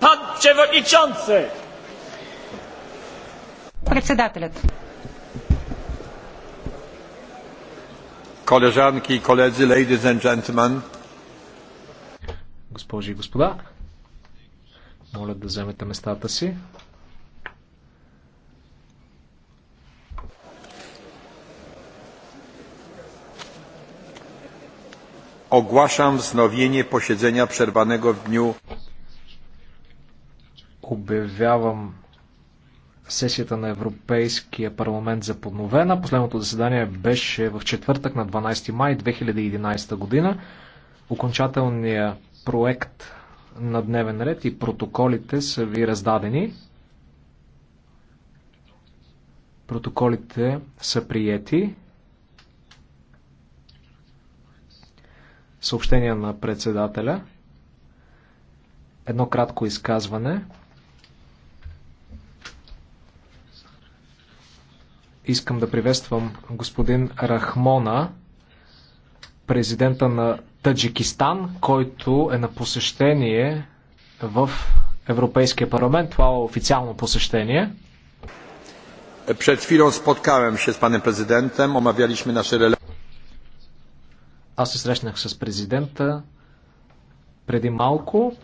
Pan przewodniczący! Председателят. Koleżanki i koledzy, ladies and gentlemen. Госпожи и господа, моля да вземете местата си. Ogłaszam wznowienie posiedzenia przerwanego w dniu обявявам сесията на Европейския парламент за подновена. Последното заседание беше в четвъртък на 12 май 2011 година. Окончателният проект на дневен ред и протоколите са ви раздадени. Протоколите са приети. Съобщение на председателя. Едно кратко изказване. Искам да приветствам господин Рахмона, президента на Таджикистан, който е на посещение в Европейския парламент. Това е официално посещение. Пред chwilą споткавам се с panem президентом, омавялишме наше реле... Аз се срещнах с президента преди малко.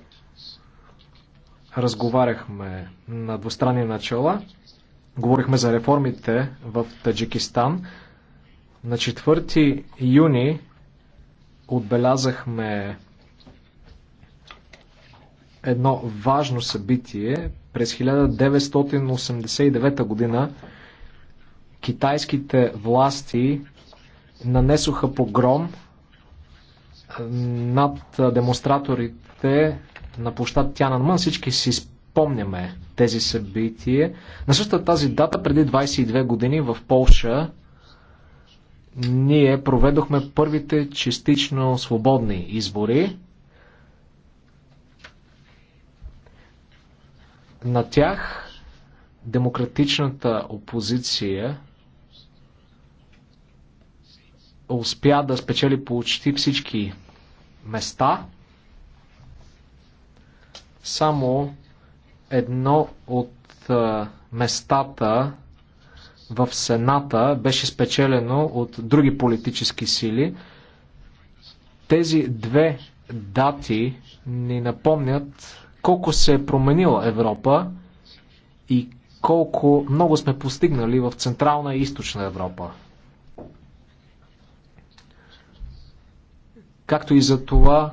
Разговаряхме на двустранни начала. Говорихме за реформите в Таджикистан. На 4 юни отбелязахме едно важно събитие. През 1989 година китайските власти нанесоха погром над демонстраторите на площад Тянанмън. Всички си спомняме тези събития. На същата тази дата, преди 22 години в Полша, ние проведохме първите частично свободни избори. На тях демократичната опозиция успя да спечели почти всички места. Само едно от местата в Сената беше спечелено от други политически сили. Тези две дати ни напомнят колко се е променила Европа и колко много сме постигнали в Централна и Източна Европа. Както и за това,